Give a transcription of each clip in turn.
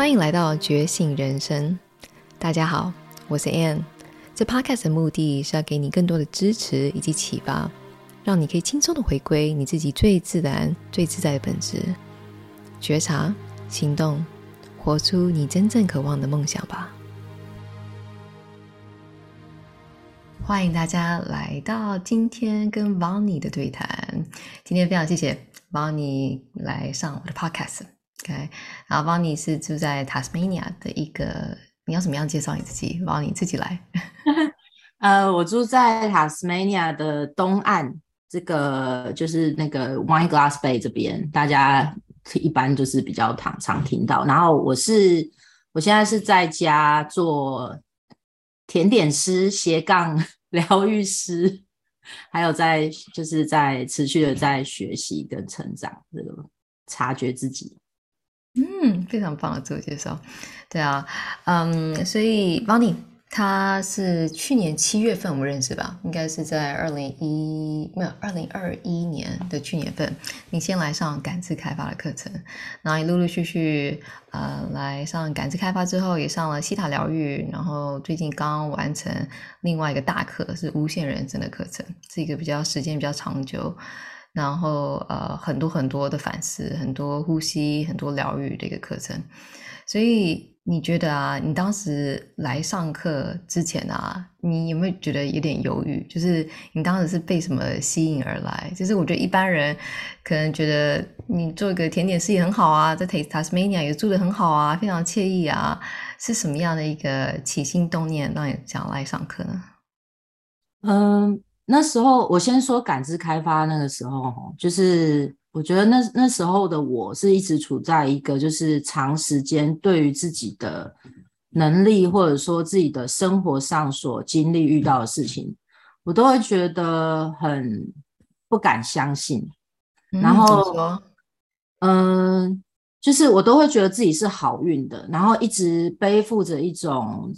歡迎來到覺醒人生，大家好，我是 Ann。這 Podcast 的目的是要給你更多的支持以及啟發，讓你可以輕鬆的回歸你自己最自然、最自在的本質，覺察、行動，活出你真正渴望的夢想吧。歡迎大家來到今天跟 Vonny 的對談。今天非常謝謝 Vonny 來上我的 Podcast。OK，然後 Vonny 是住在 Tasmania 的一個，你要怎麼樣介紹你自己 Vonny 你自己來。 呃，我住在 Tasmania 的東岸，這個就是那個 Wineglass Bay 這邊，大家一般就是比較常常聽到。然後我是我現在是在家做甜點師斜槓療癒師，還有在就是在持續的在學習跟成長，這個察覺自己。嗯，非常棒的自我介紹，對啊，嗯，所以 Vonny 他是去年七月份我們認識吧，應該是在二零一沒有二零二一年的去年份，你先來上感知開發的課程，然後也陸陸續續啊、呃、來上感知開發之後，也上了西塔療癒，然後最近剛，剛完成另外一個大課，是無限人生的課程，是一個比較時間比較長久。然後呃，很多很多的反思，很多呼吸，很多療癒的一個課程。所以你覺得啊，你當時來上課之前啊，你有沒有覺得有點猶豫？就是你當時是被什麼吸引而來？就是我覺得一般人可能覺得你做一個甜點事業很好啊，在 Tasmania 也做得很好啊，非常愜意啊，是什麼樣的一個起心動念讓你想來上課呢？嗯、um...。那時候，我先說感知開發。那個時候，就是我覺得那那時候的我是一直處在一個就是長時間對於自己的能力，或者說自己的生活上所經歷遇到的事情，我都會覺得很不敢相信。嗯、然後，嗯，就是我都會覺得自己是好運的，然後一直背負着一種，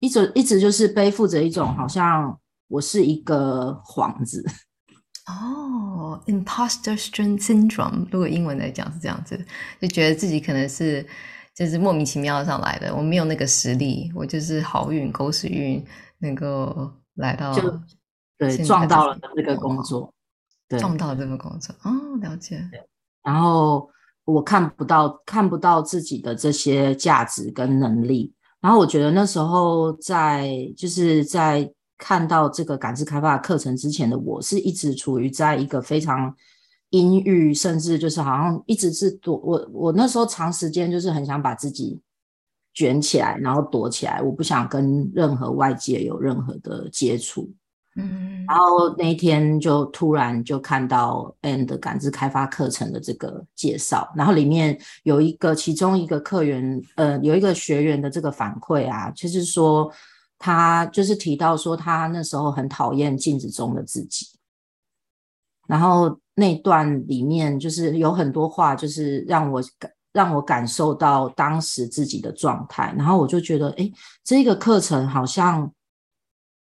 一直一直就是背負着一種好像。我是一個幌子哦、oh，Imposter Syndrome，t r n s 如果英文來講是這樣子，就覺得自己可能是就是莫名其妙上來的，我沒有那個實力，我就是好運、狗屎運能夠來到在在就，對，撞到了這個工作，撞到這個工作，哦，了解。然後我看不到看不到自己的這些價值跟能力，然後我覺得那時候在就是在。看到這個感知開發課程之前的我是一直處於在一個非常陰鬱，甚至就是好像一直是躲我。我那時候長時間就是很想把自己捲起來，然後躲起來，我不想跟任何外界有任何的接觸。嗯，然後那一天就突然就看到 And 感知開發課程的這個介紹，然後裡面有一個其中一個課員，呃，有一個學員的這個反饋啊，就是說。他就是提到說，他那時候很討厭鏡子中的自己，然後那段裡面就是有很多話，就是讓我感讓我感受到當時自己的狀態。然後我就覺得，誒，這個課程好像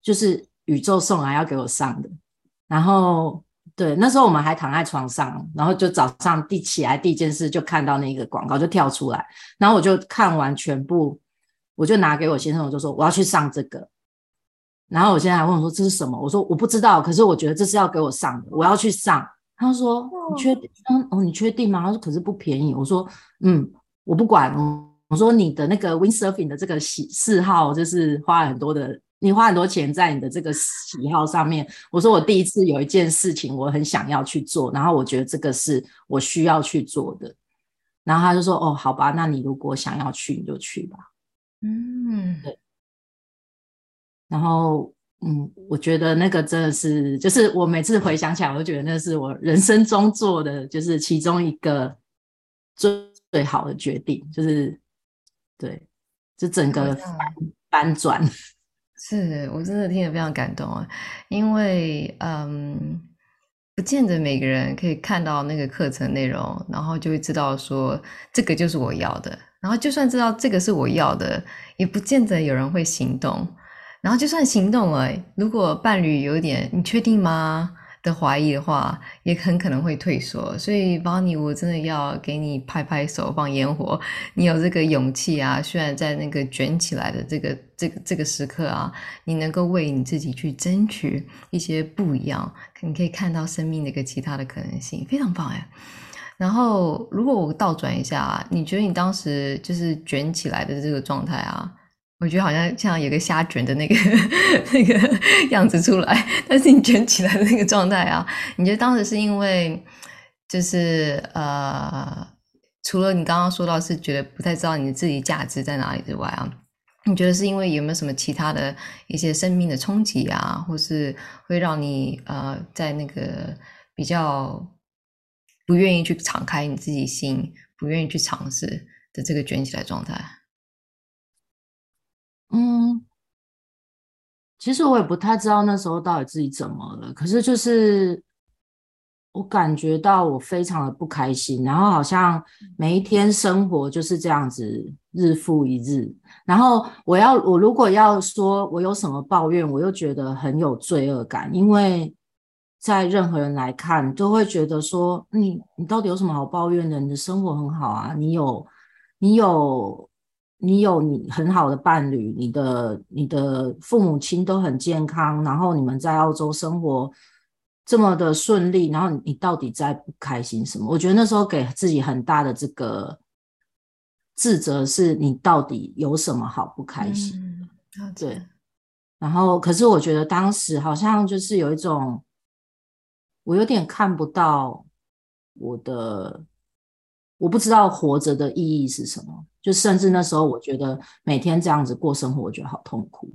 就是宇宙送來要給我上的。然後，對，那時候我們還躺在床上，然後就早上第起來第一件事就看到那個廣告就跳出來，然後我就看完全部。我就拿給我先生，我就說我要去上這個。然後我現在還問我說，這是什麼？我說我不知道，可是我覺得這是要給我上的，我要去上。他說你確定嗯，哦，你確定嗎？他說可是不便宜。我說嗯，我不管。我說你的那個 windsurfing 的這個喜嗜好，就是花很多的，你花很多錢在你的這個喜好上面。我說我第一次有一件事情我很想要去做，然後我覺得這個是我需要去做的。然後他就說哦，好吧，那你如果想要去你就去吧。嗯，對。然後，嗯，我覺得那個真的是，就是我每次回想起來，我都覺得那是我人生中做的，就是其中一個最最好的決定，就是對，就整個翻、嗯、轉。是我真的聽得非常感動啊，因為嗯，不見得每個人可以看到那個課程內容，然後就會知道說這個就是我要的。然後就算知道這個是我要的，也不見得有人會行動。然後就算行動了，如果伴侶有點“你確定嗎”的懷疑的話，也很可能會退縮。所以 Vonny，我真的要給你拍拍手，放煙火。你有這個勇氣啊！雖然在那個捲起來的這個、這個、這個時刻啊，你能夠為你自己去爭取一些不一樣，你可以看到生命的一個其他的可能性，非常棒哎！然後，如果我倒轉一下啊，你覺得你當時就是捲起來的這個狀態啊？我覺得好像像有個蝦捲的那個 那個樣子出來。但是你捲起來的那個狀態啊，你覺得當時是因為就是呃，除了你剛剛說到是覺得不太知道你的自己價值在哪裡之外啊，你覺得是因為有沒有什麼其他的一些生命的衝擊啊，或是會讓你呃在那個比較？不願意去敞開你自己心，不願意去嘗試的這個捲起來狀態。嗯，其實我也不太知道那時候到底自己怎麼了。可是就是我感覺到我非常的不開心，然後好像每一天生活就是這樣子，日復一日。然後我要，我如果要說我有什麼抱怨，我又覺得很有罪惡感，因為。在任何人來看，都會覺得說，你、嗯、你到底有什麼好抱怨的？你的生活很好啊，你有你有你有你很好的伴侶，你的你的父母親都很健康，然後你們在澳洲生活這麼的順利，然後你到底在不開心什麼？我覺得那時候給自己很大的這個自責，是你到底有什麼好不開心？嗯嗯，對，嗯。對。然後，可是我覺得當時好像就是有一種。我有點看不到我的，我不知道活着的意義是什麼。就甚至那時候，我覺得每天這樣子過生活，我覺得好痛苦。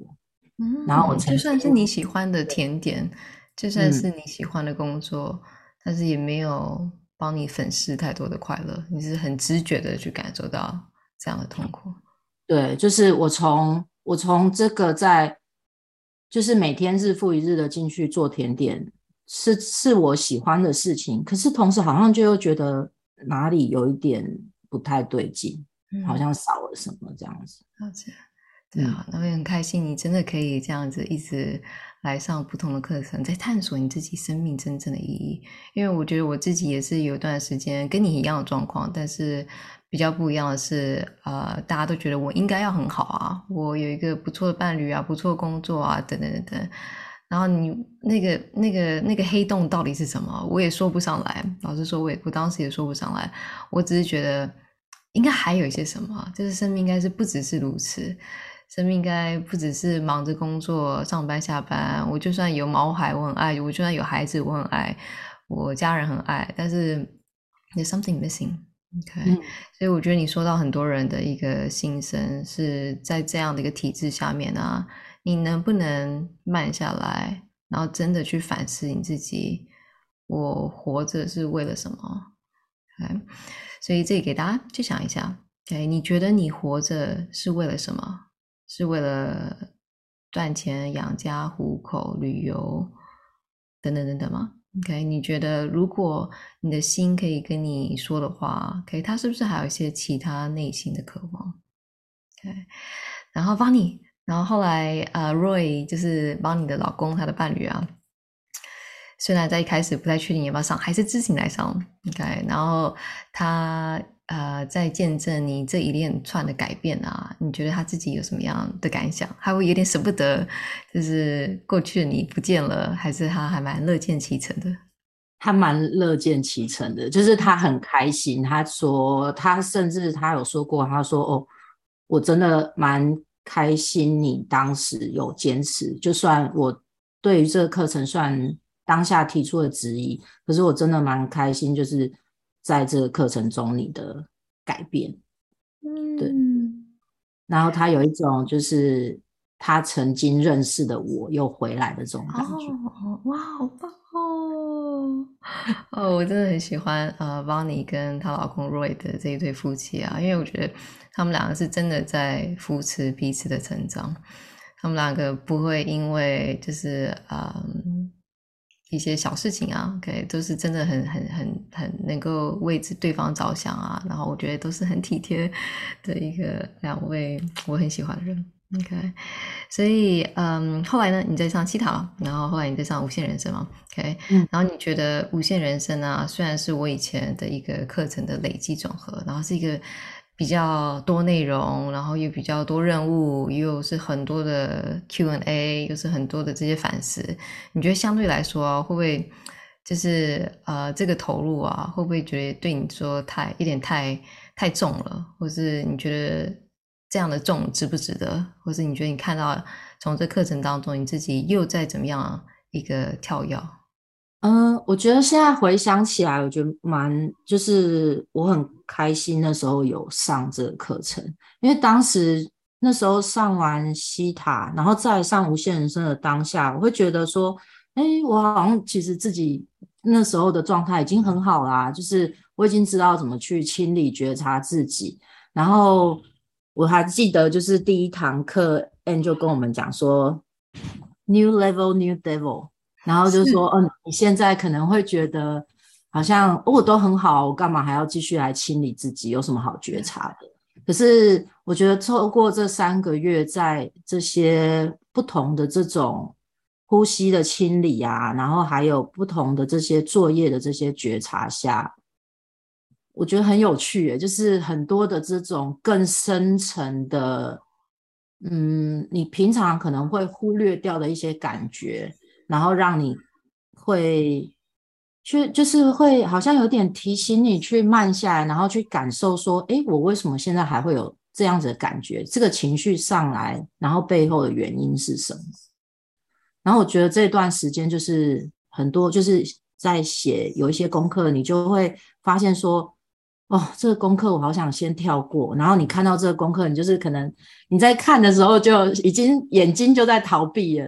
嗯，然後我就算是你喜歡的甜點，就算是你喜歡的工作，嗯，但是也沒有幫你粉飾太多的快樂。你是很直覺的去感受到這樣的痛苦。對，就是我從我從這個在，就是每天日復一日的進去做甜點。是是我喜歡的事情，可是同時好像就又覺得哪裡有一點不太對勁，嗯，好像少了什麼這樣子。嗯，好，對啊，那我很開心，你真的可以這樣子一直來上不同的課程，在探索你自己生命真正的意義。因為我覺得我自己也是有一段時間跟你一樣的狀況，但是比較不一樣的是，呃，大家都覺得我應該要很好啊，我有一個不錯的伴侶啊，不錯的工作啊，等等等等。然後你那個那個那個黑洞到底是什麼？我也說不上來。老實說，我也我當時也說不上來。我只是覺得應該還有一些什麼，就是生命應該是不只是如此，生命應該不只是忙着工作、上班、下班。我就算有毛孩，我很愛；我就算有孩子，我很愛。我家人很愛，但是 there's something missing, okay? 嗯。OK，所以我覺得你說到很多人的一個心聲，是在這樣的一個體制下面啊。你能不能慢下來，然後真的去反思你自己？我活着是為了什麼？Okay. 所以這裡給大家去想一下。哎，okay，你覺得你活着是為了什麼？是為了賺錢養家糊口、旅遊等等等等嗎？OK，你覺得如果你的心可以跟你說的話，OK，它是不是還有一些其他內心的渴望？OK，然後 Vonny。然後後來，呃，Roy 就是幫你的老公，他的伴侶啊，雖然在一開始不太確定要不要上，還是自行來上。OK，然後他呃在見證你這一連串的改變啊，你覺得他自己有什麼樣的感想？他會有點捨不得，就是過去你不見了，還是他還蠻樂見其成的？他蠻樂見其成的，就是他很開心。他說，他甚至他有說過，他說：“哦，我真的蠻。”開心，你當時有堅持，就算我對於這個課程算當下提出了質疑，可是我真的蠻開心，就是在這個課程中你的改變，對，嗯，對。然後他有一種就是他曾經認識的我又回來的這種感覺，哦、哇，好棒！哦哦，我真的很喜歡呃 Vonny 跟她老公 Roy 的這一對夫妻啊，因為我覺得他們兩個是真的在扶持彼此的成長，他們兩個不會因為就是嗯、呃、一些小事情啊可以都是真的很很很很能夠為對方着想啊，然後我覺得都是很體貼的一個兩位，我很喜歡的人。OK，所以嗯，後來呢，你在上七堂，然後後來你在上無限人生啊，OK，嗯，然後你覺得無限人生呢，啊，雖然是我以前的一個課程的累積總和，然後是一個比較多內容，然後又比較多任務，又是很多的 Q&A，又是很多的這些反思，你覺得相對來說，啊，會不會就是呃這個投入啊，會不會覺得對你說太一點太太重了，或是你覺得？這樣的重值不值得，或是你覺得你看到從這課程當中，你自己又在怎麼樣一個跳躍？嗯、呃，我覺得現在回想起來，我覺得蠻，就是我很開心那時候有上這個課程，因為當時那時候上完西塔，然後再上無限人生的當下，我會覺得說，哎，我好像其實自己那時候的狀態已經很好啦，啊，就是我已經知道怎麼去清理覺察自己，然後。我還記得，就是第一堂課，Angel 跟我們講說，New Level, New Devil，然後就說，嗯、哦，你現在可能會覺得，好像、哦、我都很好，我幹嘛還要繼續來清理自己？有什麼好覺察的？可是我覺得，透過這三個月，在這些不同的這種呼吸的清理啊，然後還有不同的這些作業的這些覺察下。我覺得很有趣耶，就是很多的這種更深層的，嗯，你平常可能會忽略掉的一些感覺，然後讓你會去，就是會好像有點提醒你去慢下來，然後去感受說，哎，我為什麼現在還會有這樣子的感覺？這個情緒上來，然後背後的原因是什麼？然後我覺得這段時間就是很多，就是在寫有一些功課，你就會發現說。哦，這個功課我好想先跳過。然後你看到這個功課，你就是可能你在看的時候就已經眼睛就在逃避了，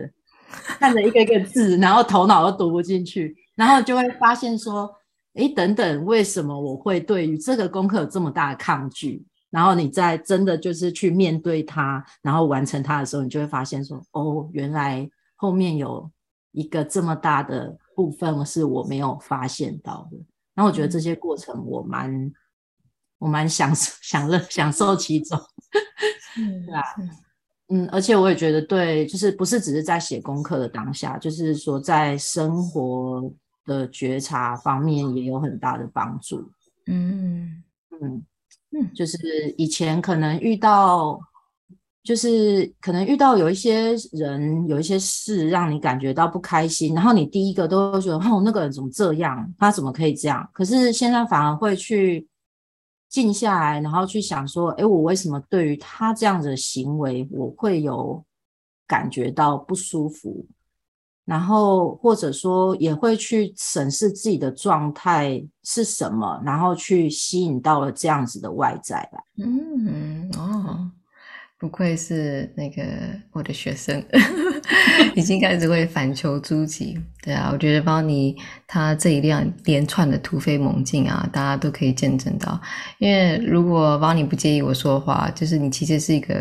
看着一個一個字， 然後頭腦都讀不進去，然後就會發現說，誒，等等，為什麼我會對於這個功課有這麼大的抗拒？然後你在真的就是去面對它，然後完成它的時候，你就會發現說，哦，原來後面有一個這麼大的部分是我沒有發現到的。然後我覺得這些過程我蠻。我蠻享受、享樂、享受其中，對 吧、啊啊？嗯，而且我也覺得對，就是不是只是在寫功課的當下，就是說在生活的覺察方面也有很大的幫助。嗯嗯嗯，就是以前可能遇到，就是可能遇到有一些人、有一些事讓你感覺到不開心，然後你第一個都會覺得，哦，那個人怎麼這樣？他怎麼可以這樣？可是現在反而會去。靜下來，然後去想說：“哎，我為什麼對於他這樣子的行為，我會有感覺到不舒服？然後或者說，也會去審視自己的狀態是什麼，然後去吸引到了這樣子的外在吧。”嗯，哦，不愧是那個我的學生。 已經開始會反求諸己，對啊，我覺得 Vonny 他這一輛連串的突飛猛進啊，大家都可以見證到。因為如果 Vonny 不介意我說的話，就是你其實是一個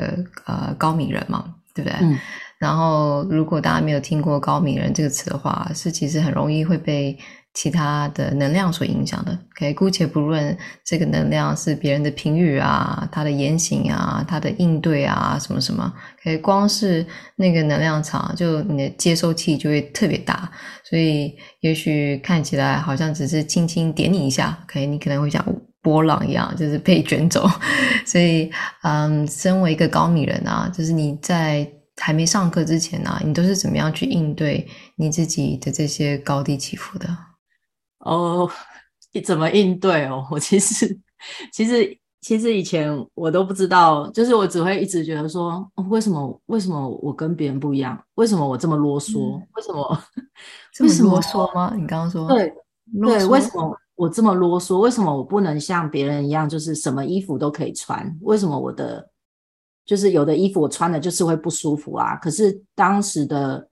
呃高敏人嘛，對不對、嗯？然後如果大家沒有聽過高敏人這個詞的話，是其實很容易會被。其他的能量所影響的，可、okay? 以姑且不論這個能量是別人的評語啊，他的言行啊，他的應對啊，什麼什麼，可、okay? 以光是那個能量場，就你的接收器就會特別大，所以也許看起來好像只是輕輕點你一下，可、okay? 以你可能會像波浪一樣，就是被捲走。 所以，嗯，身為一個高敏人啊，就是你在還沒上課之前呢、啊，你都是怎麼樣去應對你自己的這些高低起伏的？哦，你怎麼應對哦？我其實，其實，其實以前我都不知道，就是我只會一直覺得說，哦，為什麼，為什麼我跟別人不一樣？為什麼我這麼囉嗦？嗯，為什麼，為什麼這麼囉嗦嗎？你剛剛說對，對，為什麼我這麼囉嗦？為什麼我不能像別人一樣，就是什麼衣服都可以穿？為什麼我的就是有的衣服我穿的就是會不舒服啊？可是當時的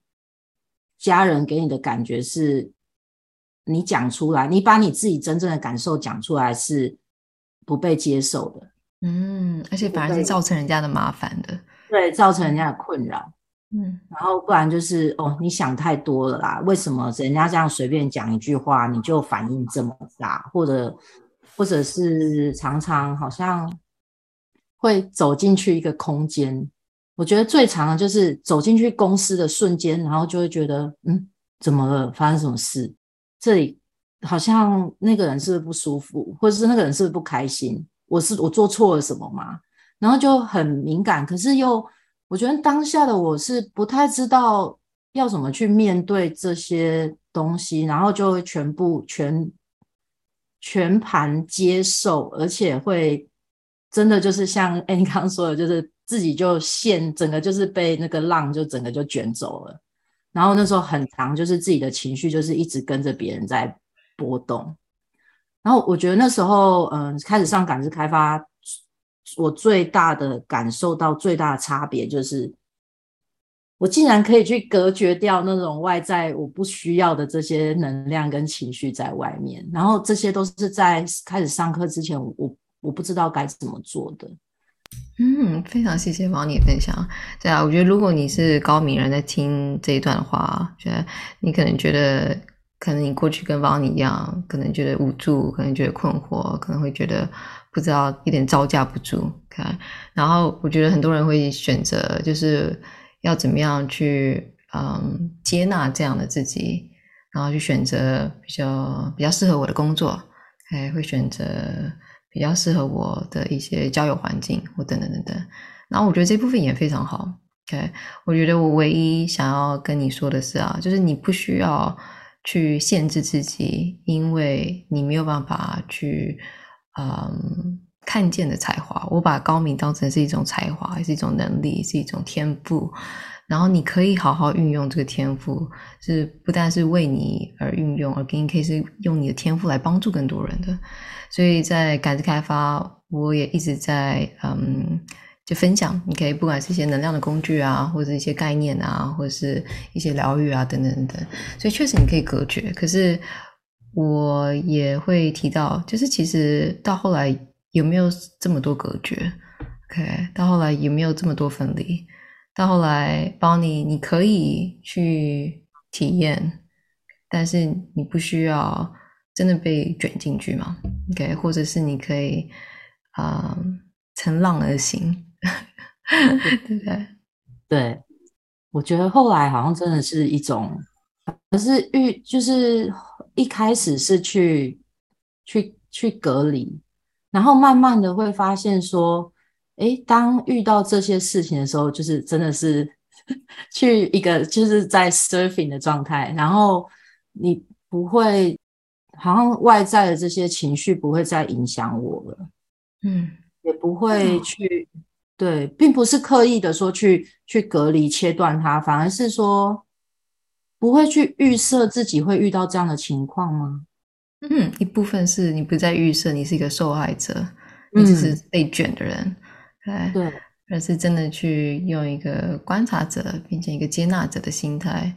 家人給你的感覺是。你講出來，你把你自己真正的感受講出來是不被接受的，嗯，而且反而是造成人家的麻煩的，對，造成人家的困擾，嗯，然後不然就是哦，你想太多了啦，為什麼人家這樣隨便講一句話你就反應這麼大，或者或者是常常好像會走進去一個空間，我覺得最常的就是走進去公司的瞬間，然後就會覺得嗯，怎麼了，發生什麼事？這裡好像那個人是不是不舒服，或者是那個人是不是不開心？我是我做錯了什麼嗎？然後就很敏感，可是又我覺得當下的我是不太知道要怎麼去面對這些東西，然後就會全部全全盤接受，而且會真的就是像哎、欸、你剛剛說的，就是自己就陷整個就是被那個浪就整個就卷走了。然後那時候很常，就是自己的情緒就是一直跟着別人在波動。然後我覺得那時候，嗯、呃，開始上感知開發，我最大的感受到最大的差別就是，我竟然可以去隔絕掉那種外在我不需要的這些能量跟情緒在外面。然後這些都是在開始上課之前我，我我不知道該怎麼做的。嗯，非常謝謝 Vonny 的分享。對啊，我覺得如果你是高敏人，在聽這一段的話，覺得你可能覺得，可能你過去跟 Vonny 一樣，可能覺得無助，可能覺得困惑，可能會覺得不知道一點招架不住。看、okay?，然後我覺得很多人會選擇，就是要怎麼樣去嗯接納這樣的自己，然後去選擇比較比較適合我的工作，還、okay? 會選擇。比較適合我的一些交友環境，我等等等等。然後我覺得這部分也非常好。OK，我覺得我唯一想要跟你說的是啊，就是你不需要去限制自己，因為你沒有辦法去嗯看見的才華。我把高敏當成是一種才華，是一種能力，是一種天賦。然後你可以好好運用這個天賦，是不但是為你而運用，而給你可以是用你的天賦來幫助更多人的。所以在感知開發，我也一直在嗯，就分享，你可以不管是一些能量的工具啊，或者是一些概念啊，或者是一些療癒啊，等等等等。所以確實你可以隔絕，可是我也會提到，就是其實到後來有沒有這麼多隔絕？OK，到後來有沒有這麼多分離？到後來幫你，Vonny, 你可以去體驗，但是你不需要真的被捲進去嘛？OK，或者是你可以啊、呃，乘浪而行， 對不對？對，我覺得後來好像真的是一種，可是遇，就是一開始是去去去隔離，然後慢慢的會發現說。誒，當遇到這些事情的時候，就是真的是去一個就是在 surfing 的狀態，然後你不會好像外在的這些情緒不會再影響我了，嗯，也不會去、嗯、對，並不是刻意的說去去隔離切斷它，反而是說不會去預設自己會遇到這樣的情況嗎？嗯，一部分是你不再預設，你是一個受害者、嗯，你只是被卷的人。對，而是真的去用一個觀察者，並且一個接納者的心態，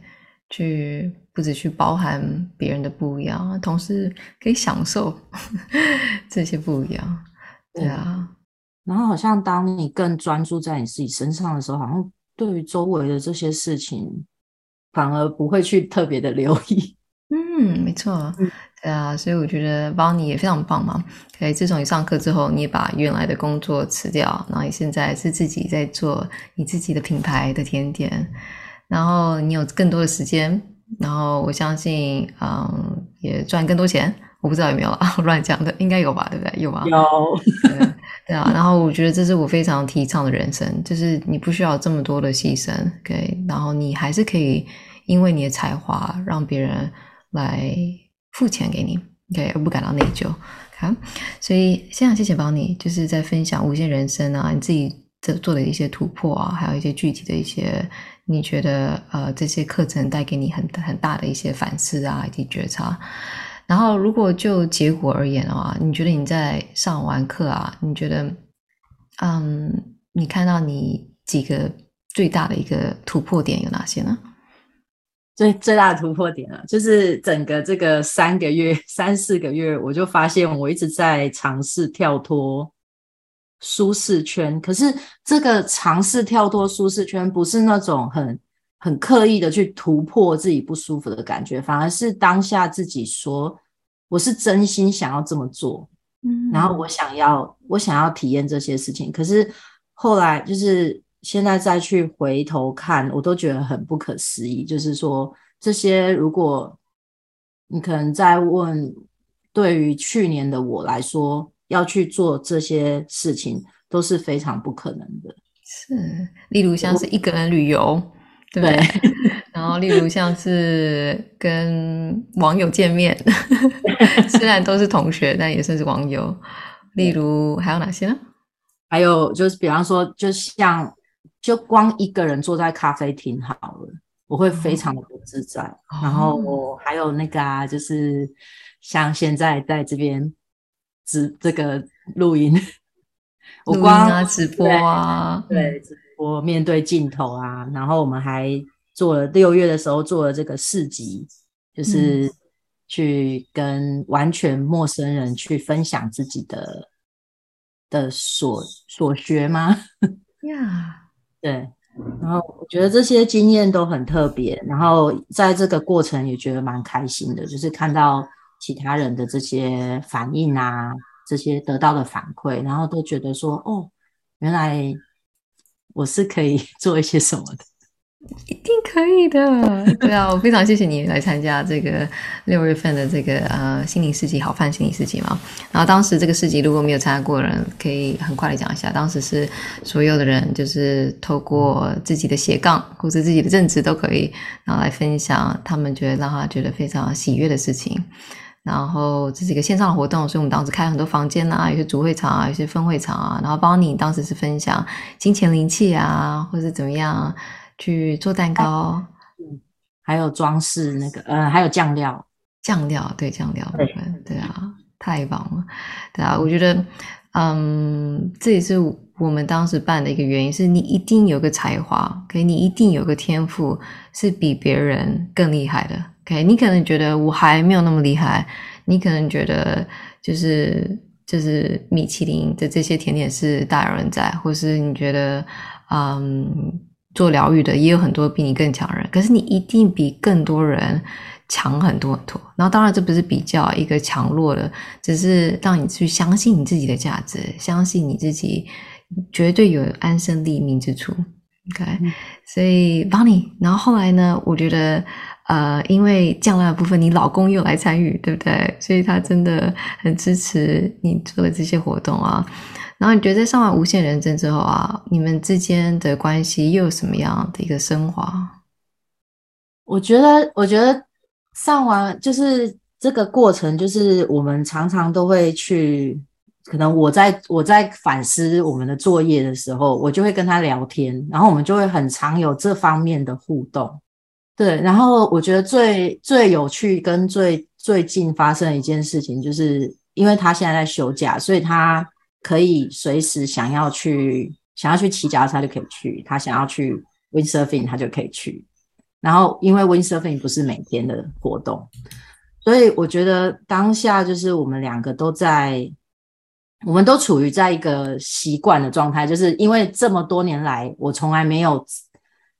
去不止去包含別人的不一樣，同時可以享受，呵呵，這些不一樣。對啊。嗯，然後好像當你更專注在你自己身上的時候，好像對於周圍的這些事情，反而不會去特別的留意。嗯，沒錯。嗯對啊，所以我覺得 Vonny 也非常棒嘛。可、okay? 以自從你上課之後，你也把原來的工作辭掉，然後你現在是自己在做你自己的品牌的甜點，然後你有更多的時間，然後我相信，嗯，也賺更多錢。我不知道有沒有啊，亂講的，應該有吧？對不對？有啊。有。對，對啊， 然後我覺得這是我非常提倡的人生，就是你不需要這麼多的犧牲 o、okay? 然後你還是可以因為你的才華讓別人來。付錢給你，OK，我不感到內疚，好，okay? 所以，先想謝謝 Vonny，你就是在分享無限人生啊，你自己這做的一些突破啊，還有一些具體的一些，你覺得呃，這些課程帶給你很很大的一些反思啊，以及覺察。然後，如果就結果而言啊，你覺得你在上完課啊，你覺得嗯，你看到你幾個最大的一個突破點有哪些呢？最最大的突破點啊就是整個這個三個月、三四個月，我就發現我一直在嘗試跳脫舒適圈。可是這個嘗試跳脫舒適圈，不是那種很很刻意的去突破自己不舒服的感覺，反而是當下自己說，我是真心想要這麼做，嗯，然後我想要我想要體驗這些事情。可是後來就是。現在再去回頭看，我都覺得很不可思議。就是說，這些如果你可能再問，對於去年的我來說，要去做這些事情都是非常不可能的。是，例如像是一個人旅遊，對。對 然後，例如像是跟網友見面， 雖然都是同學，但也算是網友。例如、嗯、還有哪些呢？還有就是，比方說，就像。就光一個人坐在咖啡廳好了，我會非常的不自在。Oh. 然後我還有那個啊，就是像現在在這邊直這個錄音，音、啊，我光直播啊，對，對直播面對鏡頭啊。然後我們還做了六月的時候做了這個市集，就是去跟完全陌生人去分享自己的的所所學嗎？呀、yeah.。對，然後我覺得這些經驗都很特別，然後在這個過程也覺得蠻開心的，就是看到其他人的這些反應啊，這些得到的反饋，然後都覺得說，哦，原來我是可以做一些什麼的。一定可以的， 對啊，我非常謝謝你來參加這個六月份的這個呃心靈市集，好泛心靈市集嘛。然後當時這個市集如果沒有參加過的人，可以很快的講一下，當時是所有的人就是透過自己的斜槓或者自己的正職都可以，然後來分享他們覺得讓他覺得非常喜悅的事情。然後這是一個線上的活動，所以我們當時開很多房間吶、啊，有些主會場啊，有些分會場啊。然後 Vonny 當時是分享金錢靈氣啊，或是怎麼樣。去做蛋糕、啊，嗯，還有裝飾那個，呃、嗯，還有醬料，醬料，對，醬料對，對，對啊，太棒了，對啊，我覺得，嗯，這也是我們當時辦的一個原因，是你一定有個才華可以、okay? 你一定有個天賦，是比別人更厲害的可以、okay? 你可能覺得我還沒有那麼厲害，你可能覺得就是就是米其林的這些甜點是大有人在，或是你覺得，嗯。做療癒的也有很多比你更強的人，可是你一定比更多人強很多很多。然後當然這不是比較一個強弱的，只是讓你去相信你自己的價值，相信你自己絕對有安身立命之處。OK，嗯，所以 Vonny。然後後來呢？我覺得呃，因為降落部分你老公又來參與，對不對？所以他真的很支持你做的這些活動啊。然後你覺得在上完無限人證之後啊，你們之間的關係又有什麼樣的一個升華？我覺得，我覺得上完就是這個過程，就是我們常常都會去，可能我在我在反思我們的作業的時候，我就會跟他聊天，然後我們就會很常有這方面的互動。對，然後我覺得最最有趣跟最最近發生的一件事情，就是因為他現在在休假，所以他。可以隨時想要去，想要去騎腳踏車就可以去，他想要去 windsurfing 他就可以去。然後因為 windsurfing 不是每天的活動，所以我覺得當下就是我們兩個都在，我們都處於在一個習慣的狀態。就是因為這麼多年來，我從來沒有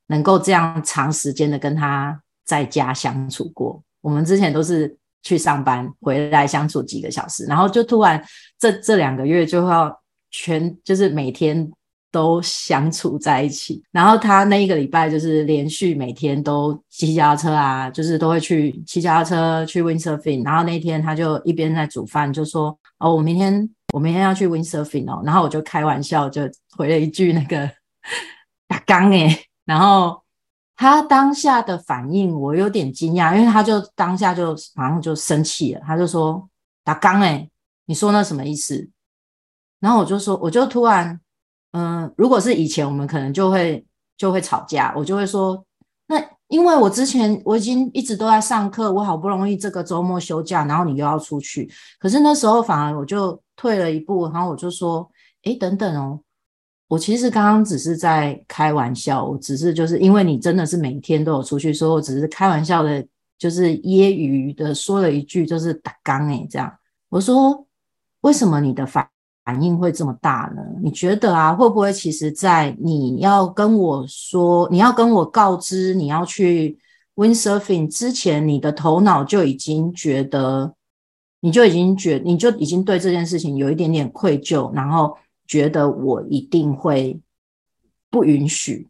能夠這樣長時間的跟他在家相處過。我們之前都是。去上班回來相處幾個小時，然後就突然這這兩個月就要全就是每天都相處在一起。然後他那一個禮拜就是連續每天都騎腳踏車啊，就是都會去騎腳踏車去 windsurfing。然後那一天他就一邊在煮飯就說：“哦，我明天我明天要去 windsurfing 哦。”然後我就開玩笑就回了一句那個打剛哎， 然後。他當下的反應，我有點驚訝，因為他就當下就馬上就生氣了，他就說：“大剛哎，你說那什麼意思？”然後我就說，我就突然，嗯、呃，如果是以前，我們可能就會就會吵架，我就會說，那因為我之前我已經一直都在上課，我好不容易這個週末休假，然後你又要出去，可是那時候反而我就退了一步，然後我就說：“哎、欸，等等哦。”我其實剛剛只是在開玩笑，我只是就是因為你真的是每天都有出去說，說我只是開玩笑的，就是揶揄的說了一句，就是打綱誒這樣。我說為什麼你的反反應會這麼大呢？你覺得啊，會不會其實在你要跟我說，你要跟我告知你要去 windsurfing 之前，你的頭腦就已經覺得，你就已經覺得，你就已經對這件事情有一點點愧疚，然後。覺得我一定會不允許。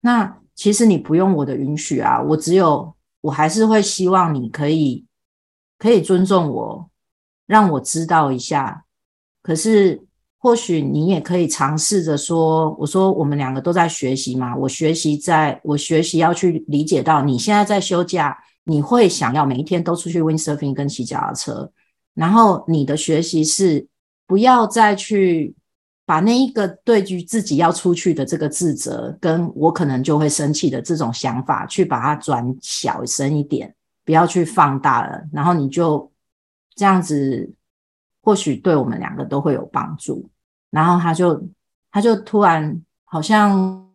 那其實你不用我的允許啊，我只有我還是會希望你可以可以尊重我，讓我知道一下。可是或許你也可以嘗試着說，我說我們兩個都在學習嘛，我學習，在我學習要去理解到你現在在休假，你會想要每一天都出去 windsurfing 跟騎腳踏車。然後你的學習是不要再去。把那一個對於自己要出去的這個自責，跟我可能就會生氣的這種想法，去把它轉小聲一點，不要去放大了。然後你就這樣子，或許對我們兩個都會有幫助。然後他就他就突然好像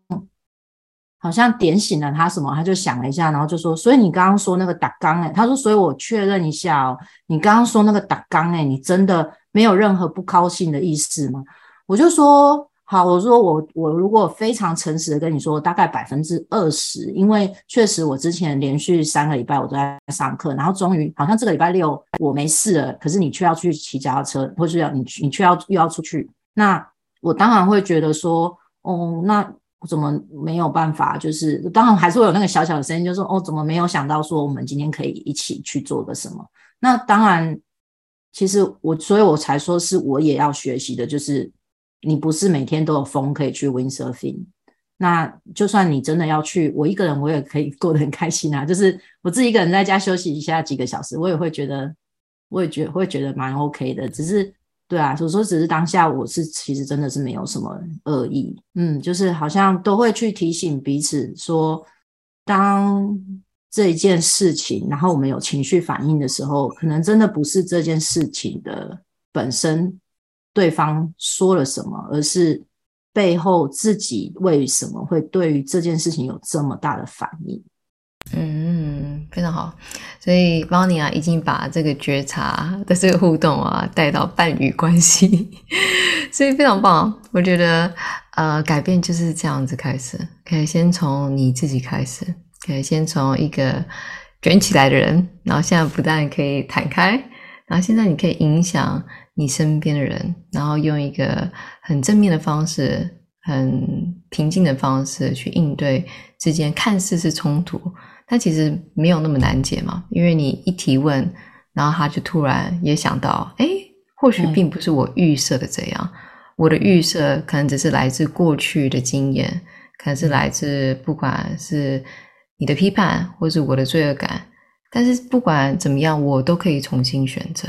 好像點醒了他什麼，他就想了一下，然後就說：“所以你剛剛說那個打缸欸，他說，所以我確認一下哦，你剛剛說那個打缸欸，你真的沒有任何不高興的意思嗎？”我就說好，我說我我如果非常誠實的跟你說，大概百分之二十，因為確實我之前連續三個禮拜我都在上課，然後終於好像這個禮拜六我沒事了，可是你卻要去騎腳踏車，或是要你你卻要又要出去，那我當然會覺得說，哦，那我怎麼沒有辦法？就是當然還是會有那個小小的聲音，就是說，哦，怎麼沒有想到說我們今天可以一起去做個什麼？那當然，其實我，所以我才說是我也要學習的，就是。你不是每天都有風可以去 windsurfing，那就算你真的要去，我一個人我也可以過得很開心啊。就是我自己一個人在家休息一下幾個小時，我也會覺得，我也覺會覺得蠻 OK 的。只是，對啊，所以說只是當下我是，其實真的是沒有什麼惡意，嗯，就是好像都會去提醒彼此說，當這一件事情，然後我們有情緒反應的時候，可能真的不是這件事情的本身。對方說了什麼，而是背後自己為什麼會對於這件事情有這麼大的反應？嗯，非常好。所以 Vonny 啊已經把這個覺察的這個互動啊帶到伴侶關係， 所以非常棒。我覺得呃，改變就是這樣子開始，可以先從你自己開始，可以先從一個捲起來的人，然後現在不但可以攤開，然後現在你可以影響。你身邊的人，然後用一個很正面的方式、很平靜的方式去應對之間看似是衝突，但其實沒有那麼難解嘛？因為你一提問，然後他就突然也想到，哎，或許並不是我預設的這樣，嗯，我的預設可能只是來自過去的經驗，可能是來自不管是你的批判，或是我的罪惡感，但是不管怎麼樣，我都可以重新選擇。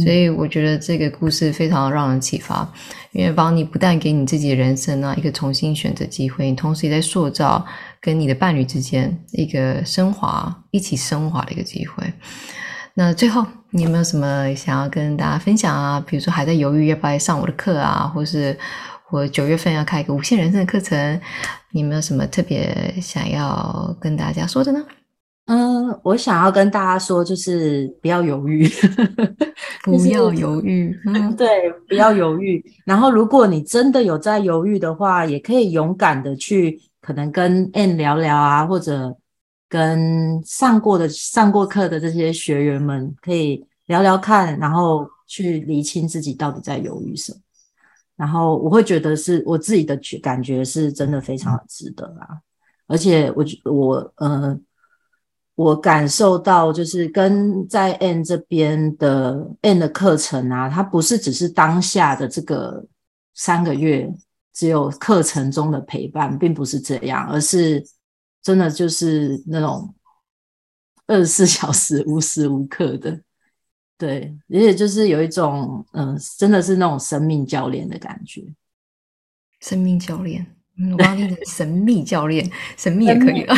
所以我覺得這個故事非常讓人啟發，因為邦尼不但給你自己的人生呢、啊、一個重新選擇機會，你同時也在塑造跟你的伴侶之間一個升華、一起升華的一個機會。那最後，你有沒有什麼想要跟大家分享啊？比如說還在猶豫要不要上我的課啊，或是我九月份要開一個無限人生的課程，你有沒有什麼特別想要跟大家說的呢？嗯，我想要跟大家說，就是不要猶豫 ，不要猶豫， 豫。嗯，對，不要猶豫。然後，如果你真的有在猶豫的話，也可以勇敢的去，可能跟 Ann 聊聊啊，或者跟上過的上過課的這些學員們可以聊聊看，然後去釐清自己到底在猶豫什麼。然後，我會覺得是我自己的感覺是真的非常的值得啊，嗯、而且我覺我呃。我感受到，就是跟在 N 這邊的 N 的課程啊，它不是只是當下的這個三個月只有課程中的陪伴，並不是這樣，而是真的就是那種二十四小時無時無刻的，對，而且就是有一種嗯、呃，真的是那種生命教練的感覺。生命教練，嗯、我剛聽成神秘教練， 神秘也可以啊。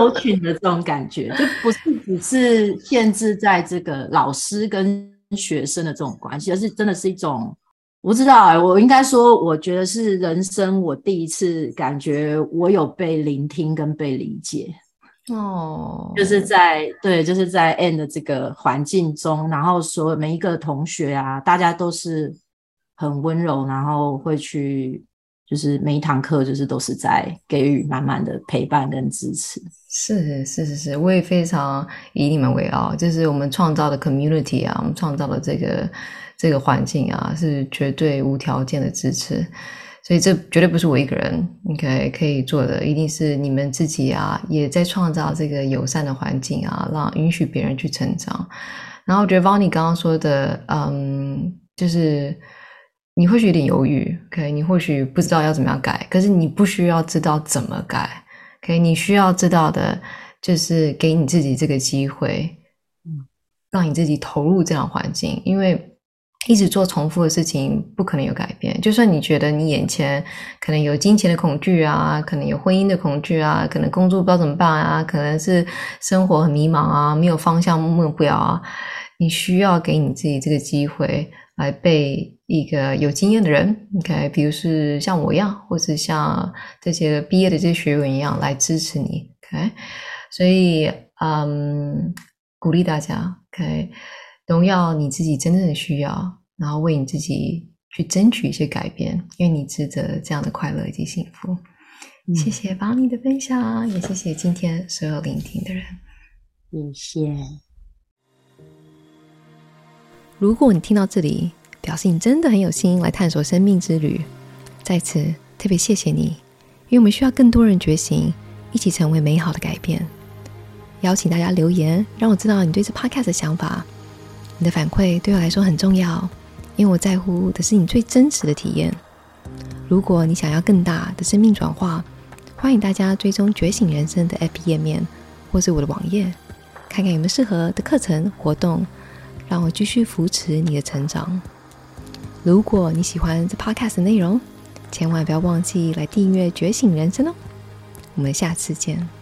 走群的這種感覺，就不是只是限制在這個老師跟學生的這種關係，而是真的是一種，我不知道啊、欸，我應該說，我覺得是人生我第一次感覺我有被聆聽跟被理解哦，oh. 就是在，對，就是在 N 的這個環境中，然後所有每一個同學啊，大家都是很溫柔，然後會去。就是每一堂課，就是都是在給予滿滿的陪伴跟支持。是是是是是，我也非常以你們為傲。就是我們創造的 community 啊，我們創造了這個這個環境啊，是絕對無條件的支持。所以這絕對不是我一個人你可以可以做的，一定是你們自己啊，也在創造這個友善的環境啊，讓允許別人去成長。然後我覺得，包括你剛剛說的，嗯，就是。你或許有點猶豫，OK？你或許不知道要怎麼樣改，可是你不需要知道怎麼改，OK？你需要知道的就是給你自己這個機會，嗯，讓你自己投入這樣環境，因為一直做重複的事情不可能有改變。就算你覺得你眼前可能有金錢的恐懼啊，可能有婚姻的恐懼啊，可能工作不知道怎麼辦啊，可能是生活很迷茫啊，沒有方向目標啊，你需要給你自己這個機會來被。一個有經驗的人，OK，比如是像我一樣，或者像這些畢業的這些學員一樣來支持你，OK。所以，嗯、um,，鼓勵大家，OK，榮耀你自己真正的需要，然後為你自己去爭取一些改變，因為你值得這樣的快樂以及幸福。嗯、謝謝 Vonny 的分享，也謝謝今天所有聆聽的人，謝、嗯、謝。如果你聽到這裡，表示你真的很有心來探索生命之旅，在此特別謝謝你，因為我們需要更多人覺醒，一起成為美好的改變。邀請大家留言，讓我知道你對這 Podcast 的想法。你的反饋對我來說很重要，因為我在乎的是你最真實的體驗。如果你想要更大的生命轉化，歡迎大家追蹤覺醒人生的 FB 頁面，或是我的網頁，看看有沒有適合的課程活動，讓我繼續扶持你的成長。如果你喜歡這 podcast 的內容，千萬不要忘記來訂閱《覺醒人生》哦。我們下次見。